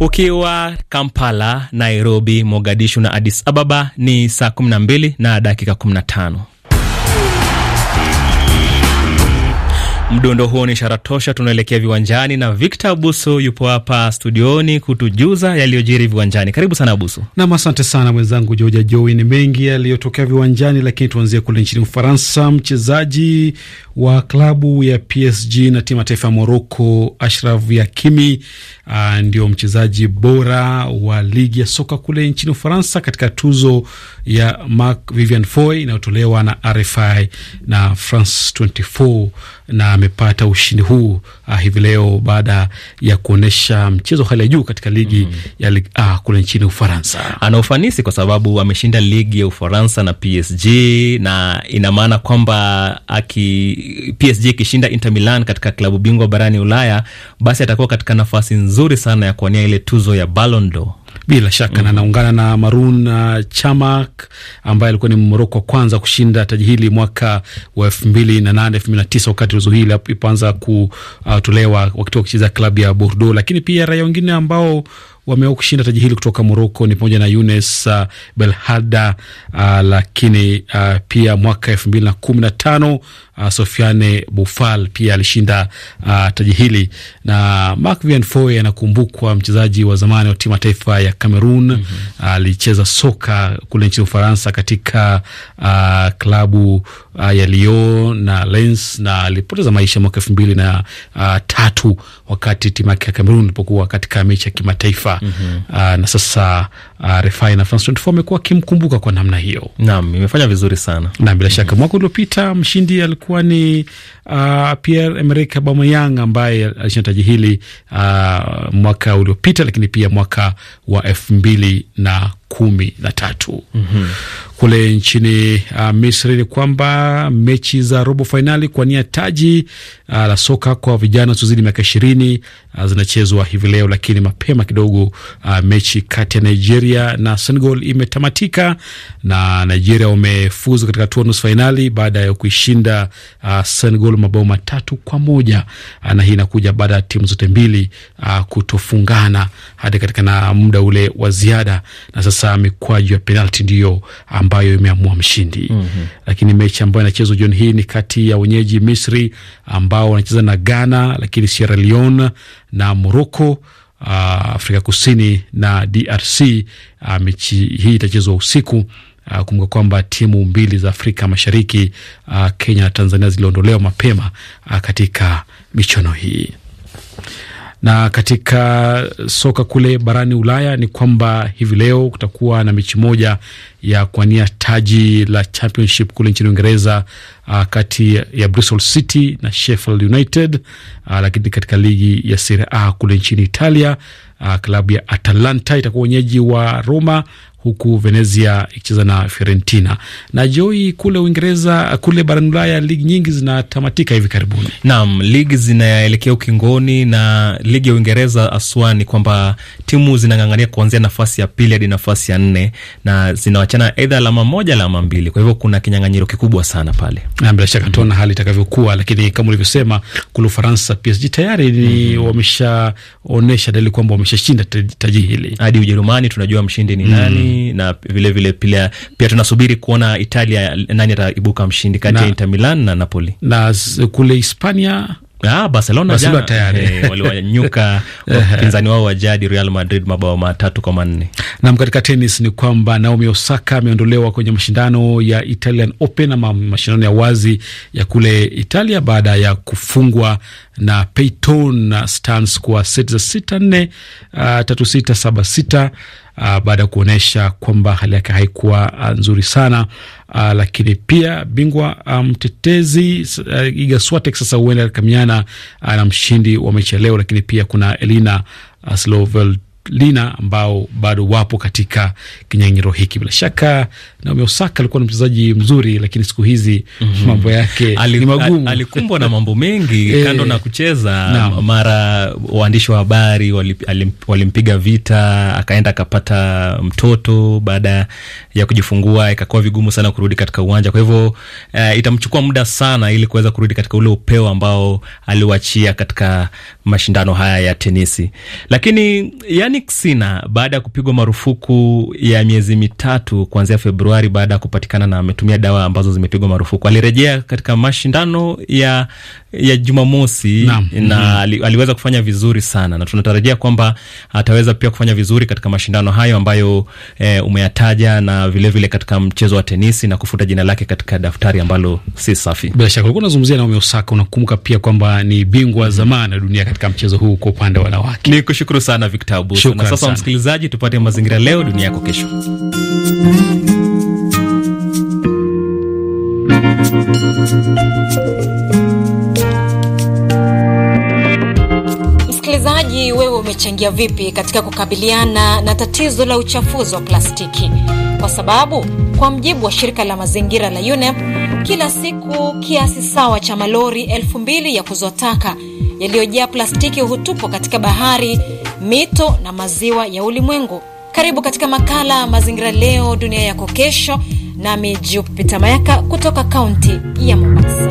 Ukiwa Kampala, Nairobi, Mogadishu na Addis Ababa ni saa 12 na dakika 15. mdondo huo ni ishara tosha, tunaelekea viwanjani na Victor Abuso yupo hapa studioni kutujuza yaliyojiri viwanjani. Karibu sana Abuso. Nam, asante sana mwenzangu Joja Joi. Ni mengi yaliyotokea viwanjani, lakini tuanzie kule nchini Ufaransa. Mchezaji wa klabu ya PSG na timu ya taifa ya Moroko, Ashraf Yakimi ah, ndio mchezaji bora wa ligi ya soka kule nchini Ufaransa katika tuzo ya Marc Vivian Foy inayotolewa na RFI na France 24 na amepata ushindi huu uh, hivi leo baada ya kuonyesha mchezo hali ya juu katika ligi mm -hmm. ya ligi, uh, ah, kule nchini Ufaransa. Ana ufanisi kwa sababu ameshinda ligi ya Ufaransa na PSG na ina maana kwamba aki PSG ikishinda Inter Milan katika klabu bingwa barani Ulaya, basi atakuwa katika nafasi nzuri sana ya kuwania ile tuzo ya Ballon d'Or. Bila shaka mm -hmm. naungana na Maroun uh, Chamak ambaye alikuwa ni Moroko wa kwanza kushinda taji hili mwaka wa elfu mbili na nane elfu mbili na tisa wakati tuzo hili ilipoanza kutolewa uh, wakati wa kucheza klabu ya Bordeaux, lakini pia raia wengine ambao wamewahi kushinda taji hili kutoka Moroko ni pamoja na Younes uh, Belhada uh, lakini uh, pia mwaka elfu mbili na kumi na tano uh, Sofiane Boufal pia alishinda uh, taji hili, na Marc Vian anakumbukwa mchezaji wa zamani wa timu ya taifa ya Cameroon. Mhm. Uh, alicheza mm -hmm. uh, soka kule nchini Ufaransa katika uh, klabu uh, ya Lyon na Lens na alipoteza maisha mwaka elfu mbili na uh, tatu wakati timu yake ya Kamerun ilipokuwa katika mechi ya kimataifa mm -hmm. Uh, na sasa Ah, RFI na France 24 amekuwa akimkumbuka kwa namna hiyo. Naam, imefanya vizuri sana na bila shaka mm -hmm. Mwaka uliopita mshindi alikuwa ni uh, Pierre Emerick Aubameyang ambaye alishinda taji hili uh, mwaka uliopita, lakini pia mwaka wa elfu mbili na kumi na tatu. mm -hmm. Kule nchini uh, Misri ni kwamba mechi za robo fainali kwa taji uh, la soka kwa vijana wasiozidi miaka ishirini Ah, zinachezwa hivi leo, lakini mapema kidogo uh, mechi kati ya Nigeria na Senegal imetamatika na Nigeria wamefuzu katika hatua nusu fainali baada ya kuishinda uh, Senegal mabao matatu kwa moja uh, na hii inakuja baada ya timu zote mbili uh, kutofungana hadi katika na muda ule wa ziada, na sasa mikwaju ya penalti ndiyo ambayo imeamua mshindi. mm -hmm. Lakini mechi ambayo inachezwa jioni hii ni kati ya wenyeji Misri ambao wanacheza na Ghana, lakini Sierra Leone na Moroko, uh, Afrika Kusini na DRC. Uh, mechi hii itachezwa usiku. Uh, kumbuka kwamba timu mbili za Afrika Mashariki, Kenya na Tanzania, ziliondolewa mapema katika michuano hii. Na katika soka kule barani Ulaya ni kwamba hivi leo kutakuwa na mechi moja ya kuania taji la championship kule nchini Uingereza, uh, kati ya Bristol City na Sheffield United. Uh, lakini katika ligi ya Serie A kule nchini Italia, uh, klabu ya Atalanta itakuwa wenyeji wa Roma, huku Venezia ikicheza na Fiorentina. Na Joi, kule Uingereza, kule barani Ulaya, ligi nyingi zinatamatika hivi karibuni. Naam, ligi zinaelekea ukingoni na ligi ya Uingereza aswa ni kwamba timu zinang'ang'ania kuanzia nafasi ya pili hadi nafasi ya nne na zinawachana aidha alama moja, alama mbili. Kwa hivyo kuna kinyang'anyiro kikubwa sana pale, na bila shaka tuona mm -hmm. hali itakavyokuwa, lakini kama ulivyosema kule Ufaransa, PSG tayari ni mm -hmm. wameshaonyesha dalili kwamba wameshashinda taji hili. Hadi Ujerumani tunajua mshindi ni mhm. nani mm -hmm na vile vile pia, pia tunasubiri kuona Italia nani ataibuka mshindi kati ya Inter Milan na Napoli na kule Hispania Ah, Barcelona jana tayari eh, waliwanyuka wapinzani wao wa jadi Real Madrid mabao matatu kwa manne. Naam, katika tenis ni kwamba Naomi Osaka ameondolewa kwenye mashindano ya Italian Open ama mashindano ya wazi ya kule Italia baada ya kufungwa na Payton Stans kwa seti za sita nne uh, tatu sita saba sita uh, baada ya kuonyesha kwamba hali yake haikuwa uh, nzuri sana. Uh, lakini pia bingwa mtetezi um, uh, Iga Swiatek sasa huenda kamiana uh, na mshindi wa mechi ya leo, lakini pia kuna Elina uh, Slovel, Lina ambao bado wapo katika kinyang'anyiro hiki. Bila shaka Naomi Osaka alikuwa ni mchezaji mzuri, lakini siku hizi mm -hmm. mambo yake Ali, ni magumu. Alikumbwa na mambo mengi e, kando na kucheza na. Mara waandishi wa habari walimpiga vita, akaenda akapata mtoto baada ya kujifungua, ikakuwa vigumu sana kurudi katika uwanja. Kwa hivyo uh, itamchukua muda sana ili kuweza kurudi katika ule upeo ambao aliuachia katika mashindano haya ya tenisi, lakini yani Jannik Sina baada ya kupigwa marufuku ya miezi mitatu kuanzia Februari baada ya kupatikana na ametumia dawa ambazo zimepigwa marufuku, alirejea katika mashindano ya, ya Jumamosi na, na mm -hmm. ali, aliweza kufanya vizuri sana na tunatarajia kwamba ataweza pia kufanya vizuri katika mashindano hayo ambayo eh, umeyataja na vilevile vile katika mchezo wa tenisi na kufuta jina lake katika daftari ambalo si safi. Bila shaka ulikuwa unazungumzia Naomi Osaka, unakumbuka pia kwamba ni bingwa mhm. zamani dunia katika mchezo huu kwa upande wa wanawake. Ni kushukuru sana Victor Abuso. Na sasa, msikilizaji, tupate mazingira leo, dunia yako kesho. Msikilizaji, wewe umechangia vipi katika kukabiliana na tatizo la uchafuzi wa plastiki? Kwa sababu kwa mjibu wa shirika la mazingira la UNEP, kila siku kiasi sawa cha malori elfu mbili ya kuzotaka yaliyojaa plastiki hutupwa katika bahari mito na maziwa ya ulimwengu. Karibu katika makala Mazingira Leo Dunia Yako Kesho, nami jupita Mayaka kutoka kaunti ya Mombasa.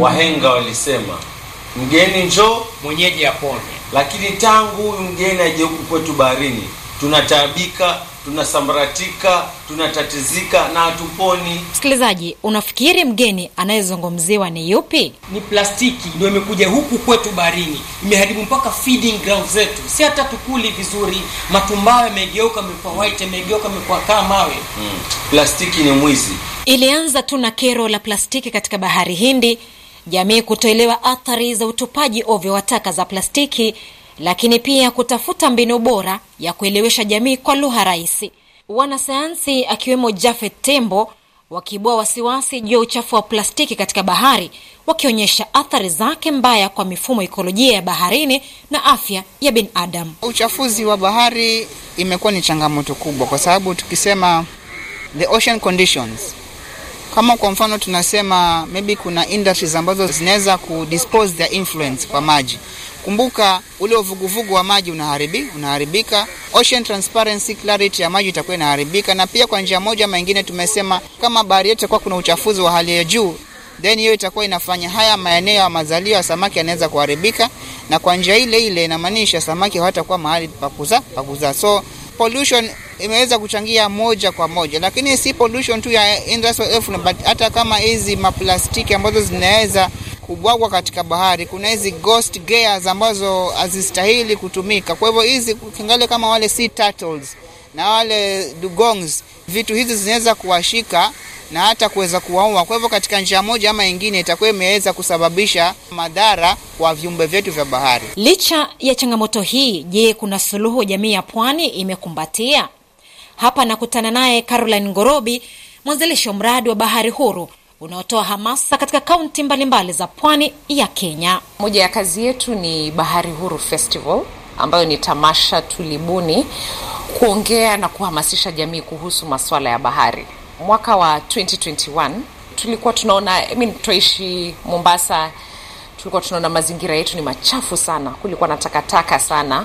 Wahenga walisema mgeni njoo mwenyeji apone, lakini tangu huyu mgeni ajeuku kwetu baharini tunataabika tunasambaratika, tunatatizika na hatuponi. Msikilizaji, unafikiri mgeni anayezungumziwa ni yupi? Ni plastiki ndio imekuja huku kwetu barini, imeharibu mpaka feeding ground zetu, si hata tukuli vizuri. Matumbawe yamegeuka yamekuwa white, yamegeuka yamekuwa kaa mawe. Hmm, plastiki ni mwizi. Ilianza tu na kero la plastiki katika bahari Hindi, jamii kutoelewa athari za utupaji ovyo wa taka za plastiki lakini pia kutafuta mbinu bora ya kuelewesha jamii kwa lugha rahisi. Wanasayansi akiwemo Jafet Tembo wakibua wasiwasi juu ya uchafu wa plastiki katika bahari, wakionyesha athari zake mbaya kwa mifumo ikolojia ya baharini na afya ya binadamu. Uchafuzi wa bahari imekuwa ni changamoto kubwa, kwa sababu tukisema the ocean conditions kama kwa mfano tunasema maybe kuna industries ambazo zinaweza kudispose their influence kwa maji. Kumbuka ule uvuguvugu wa maji unaharibi, unaharibika. Ocean transparency clarity ya maji itakuwa inaharibika, na pia kwa njia moja ama nyingine tumesema kama bahari yetu kwa kuna uchafuzi wa hali ya juu, then hiyo itakuwa inafanya haya maeneo ya mazalia ya samaki yanaweza kuharibika, na kwa njia ile ile inamaanisha samaki hawatakuwa mahali pa kuzaa. So pollution imeweza kuchangia moja kwa moja, lakini si pollution tu ya industrial effluent, but hata kama hizi maplastiki ambazo zinaweza kubwagwa katika bahari. Kuna hizi ghost gears ambazo hazistahili kutumika. Kwa hivyo hizi kingali kama wale sea turtles na wale dugongs, vitu hizi zinaweza kuwashika na hata kuweza kuwaua. Kwa hivyo katika njia moja ama nyingine itakuwa imeweza kusababisha madhara kwa viumbe vyetu vya bahari. Licha ya changamoto hii, je, kuna suluhu jamii ya pwani imekumbatia? Hapa nakutana naye Caroline Ngorobi, mwanzilishi wa mradi wa Bahari Huru unaotoa hamasa katika kaunti mbalimbali za pwani ya Kenya. Moja ya kazi yetu ni Bahari Huru Festival ambayo ni tamasha tulibuni kuongea na kuhamasisha jamii kuhusu masuala ya bahari. Mwaka wa 2021 tulikuwa tunaona I mean, tuishi Mombasa, tulikuwa tunaona mazingira yetu ni machafu sana, kulikuwa na takataka sana,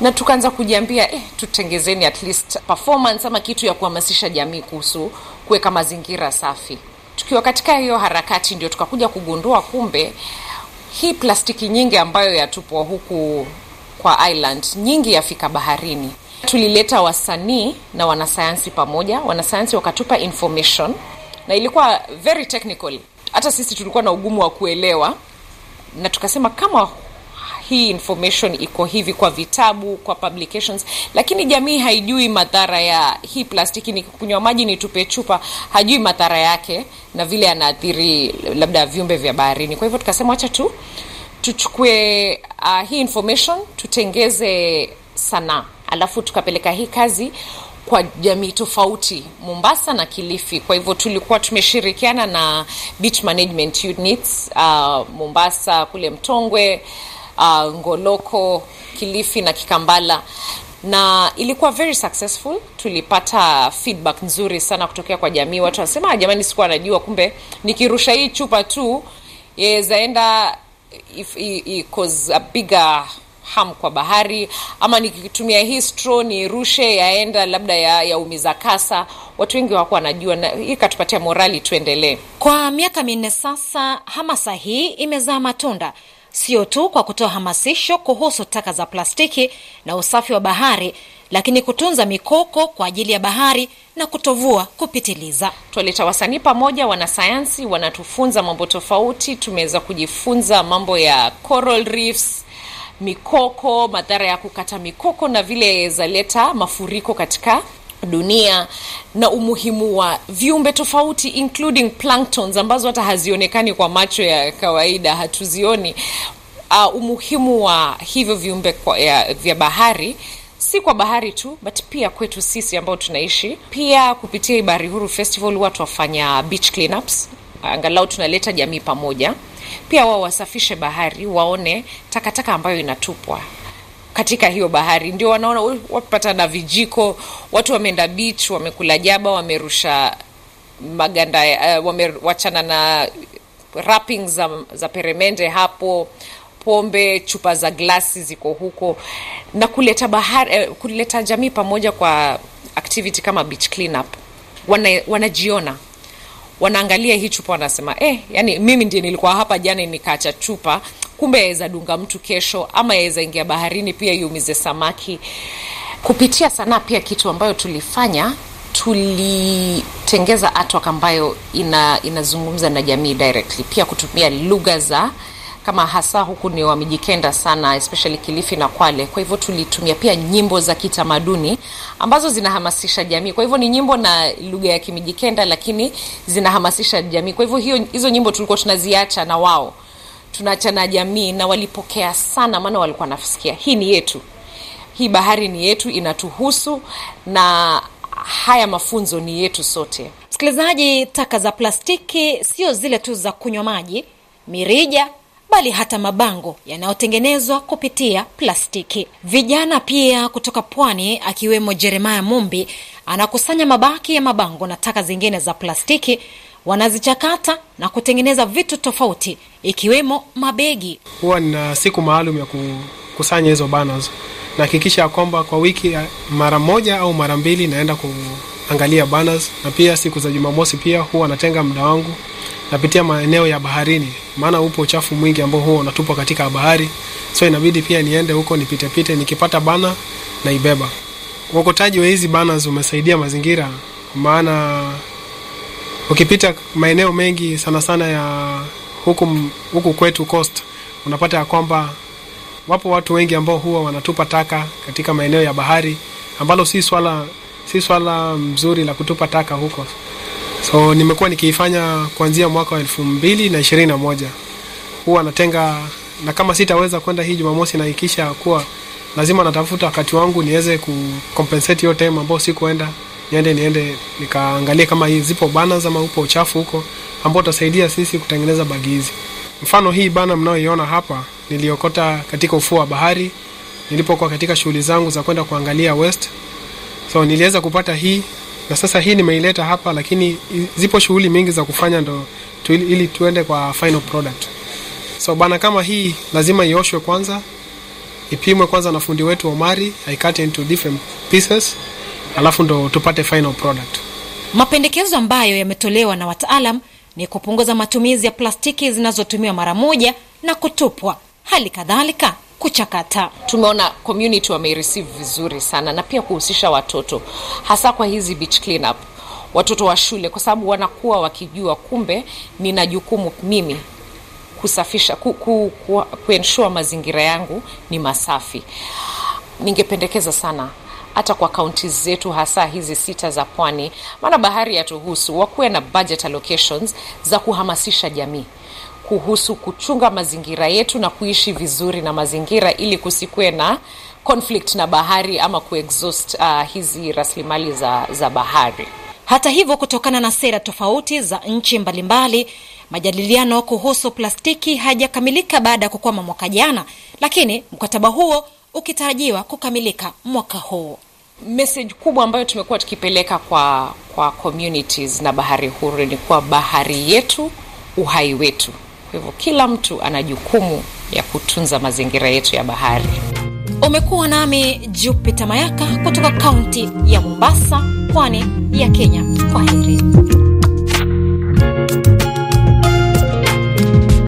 na tukaanza kujiambia eh, tutengezeni at least performance ama kitu ya kuhamasisha jamii kuhusu kuweka mazingira safi tukiwa katika hiyo harakati ndio tukakuja kugundua kumbe hii plastiki nyingi ambayo yatupwa huku kwa island nyingi yafika baharini. Tulileta wasanii na wanasayansi pamoja, wanasayansi wakatupa information na ilikuwa very technical, hata sisi tulikuwa na ugumu wa kuelewa, na tukasema kama hii information iko hivi kwa vitabu kwa publications lakini jamii haijui madhara ya hii plastiki ni kunywa maji ni tupe chupa hajui madhara yake na vile yanaathiri labda viumbe vya baharini kwa hivyo tukasema wacha tu tuchukue uh, hii information tutengeze sanaa alafu tukapeleka hii kazi kwa jamii tofauti mombasa na kilifi kwa hivyo tulikuwa tumeshirikiana na beach management units uh, mombasa kule mtongwe uh, Ngoloko, Kilifi na Kikambala na ilikuwa very successful. Tulipata feedback nzuri sana kutokea kwa jamii. Watu wanasema ah, jamani, sikuwa najua, kumbe nikirusha hii chupa tu yezaenda if, if, cause a bigger ham kwa bahari, ama nikitumia hii straw nirushe yaenda labda ya, ya umiza kasa. Watu wengi wako wanajua, na hii ikatupatia morali tuendelee. Kwa miaka minne sasa, hamasa hii imezaa matunda sio tu kwa kutoa hamasisho kuhusu taka za plastiki na usafi wa bahari, lakini kutunza mikoko kwa ajili ya bahari na kutovua kupitiliza. Twaleta wasanii pamoja, wanasayansi wanatufunza mambo tofauti. Tumeweza kujifunza mambo ya coral reefs, mikoko, madhara ya kukata mikoko na vile zaleta mafuriko katika dunia na umuhimu wa viumbe tofauti including planktons ambazo hata hazionekani kwa macho ya kawaida, hatuzioni. Uh, umuhimu wa hivyo viumbe vya bahari si kwa bahari tu but pia kwetu sisi ambao tunaishi. Pia kupitia Ibari Huru Festival watu wafanya beach cleanups, angalau tunaleta jamii pamoja. Pia wao wasafishe bahari, waone takataka ambayo inatupwa katika hiyo bahari, ndio wanaona wapata na vijiko, watu wameenda beach, wamekula jaba, wamerusha maganda, uh, eh, wamewachana na wrapping za, za peremende hapo pombe chupa za glasi ziko huko na kuleta bahari, eh, kuleta jamii pamoja kwa activity kama beach cleanup. Wana, wanajiona wanaangalia hii chupa wanasema eh, yani mimi ndiye nilikuwa hapa jana nikaacha chupa kumbe yaweza dunga mtu kesho, ama yaweza ingia baharini pia iumize samaki. Kupitia sanaa pia kitu ambayo tulifanya tulitengeza artwork ambayo ina, inazungumza na jamii directly, pia kutumia lugha za kama hasa huku ni wamijikenda sana especially Kilifi na Kwale. Kwa hivyo tulitumia pia nyimbo za kitamaduni ambazo zinahamasisha jamii. Kwa hivyo ni nyimbo na lugha ya Kimijikenda, lakini zinahamasisha jamii. Kwa hivyo hiyo hizo nyimbo tulikuwa tunaziacha na wao tunaachana jamii, na walipokea sana, maana walikuwa nafsikia hii ni yetu, hii bahari ni yetu, inatuhusu na haya mafunzo ni yetu sote. Msikilizaji, taka za plastiki sio zile tu za kunywa maji, mirija bali hata mabango yanayotengenezwa kupitia plastiki. Vijana pia kutoka pwani akiwemo Jeremaya Mumbi anakusanya mabaki ya mabango na taka zingine za plastiki, wanazichakata na kutengeneza vitu tofauti ikiwemo mabegi. Huwa nina siku maalum ya kukusanya hizo banners, nahakikisha ya kwamba kwa wiki mara moja au mara mbili naenda kuangalia banners, na pia siku za Jumamosi pia huwa natenga muda wangu napitia maeneo ya baharini, maana upo uchafu mwingi ambao huwa unatupwa katika bahari, so inabidi pia niende huko nipitepite, nikipata bana naibeba uokotaji wa hizi banners umesaidia mazingira, maana ukipita maeneo mengi sana sana ya huku, huku kwetu coast unapata ya kwamba wapo watu wengi ambao huwa wanatupa taka katika maeneo ya bahari ambalo si swala si swala mzuri la kutupa taka huko. So nimekuwa nikiifanya kuanzia mwaka wa elfu mbili na ishirini na moja huwa natenga, na kama sitaweza kwenda hii Jumamosi nahakikisha kuwa lazima natafuta wakati wangu niweze ku compensate hiyo time ambayo sikuenda niende niende nikaangalie kama hii zipo bana za maupo uchafu huko ambao utasaidia sisi kutengeneza bagi hizi. Mfano hii bana mnayoiona hapa niliokota katika ufuo wa bahari nilipokuwa katika shughuli zangu za kwenda kuangalia West. So niliweza kupata hii na sasa hii nimeileta hapa, lakini zipo shughuli mingi za kufanya ndo tu, ili tuende kwa final product. So bana kama hii lazima ioshwe kwanza ipimwe kwanza na fundi wetu Omari, aikate into different pieces, alafu ndo tupate final product. Mapendekezo ambayo yametolewa na wataalam ni kupunguza matumizi ya plastiki zinazotumiwa mara moja na kutupwa, hali kadhalika kuchakata. Tumeona community wamereceive vizuri sana, na pia kuhusisha watoto hasa kwa hizi beach cleanup, watoto wa shule, kwa sababu wanakuwa wakijua kumbe nina jukumu mimi kusafisha ku, ku, ku, kuensure mazingira yangu ni masafi. Ningependekeza sana hata kwa kaunti zetu hasa hizi sita za pwani, maana bahari yatuhusu, wakuwe na budget allocations za kuhamasisha jamii kuhusu kuchunga mazingira yetu na kuishi vizuri na mazingira ili kusikuwe na conflict na bahari ama kuexhaust uh, hizi rasilimali za, za bahari. Hata hivyo, kutokana na sera tofauti za nchi mbalimbali, majadiliano kuhusu plastiki hayajakamilika baada ya kukwama mwaka jana, lakini mkataba huo ukitarajiwa kukamilika mwaka huu. Message kubwa ambayo tumekuwa tukipeleka kwa kwa communities na bahari huru ni kuwa bahari yetu uhai wetu. Kwa hivyo kila mtu ana jukumu ya kutunza mazingira yetu ya bahari. Umekuwa nami Jupita Mayaka kutoka kaunti ya Mombasa, pwani ya Kenya. Kwa heri.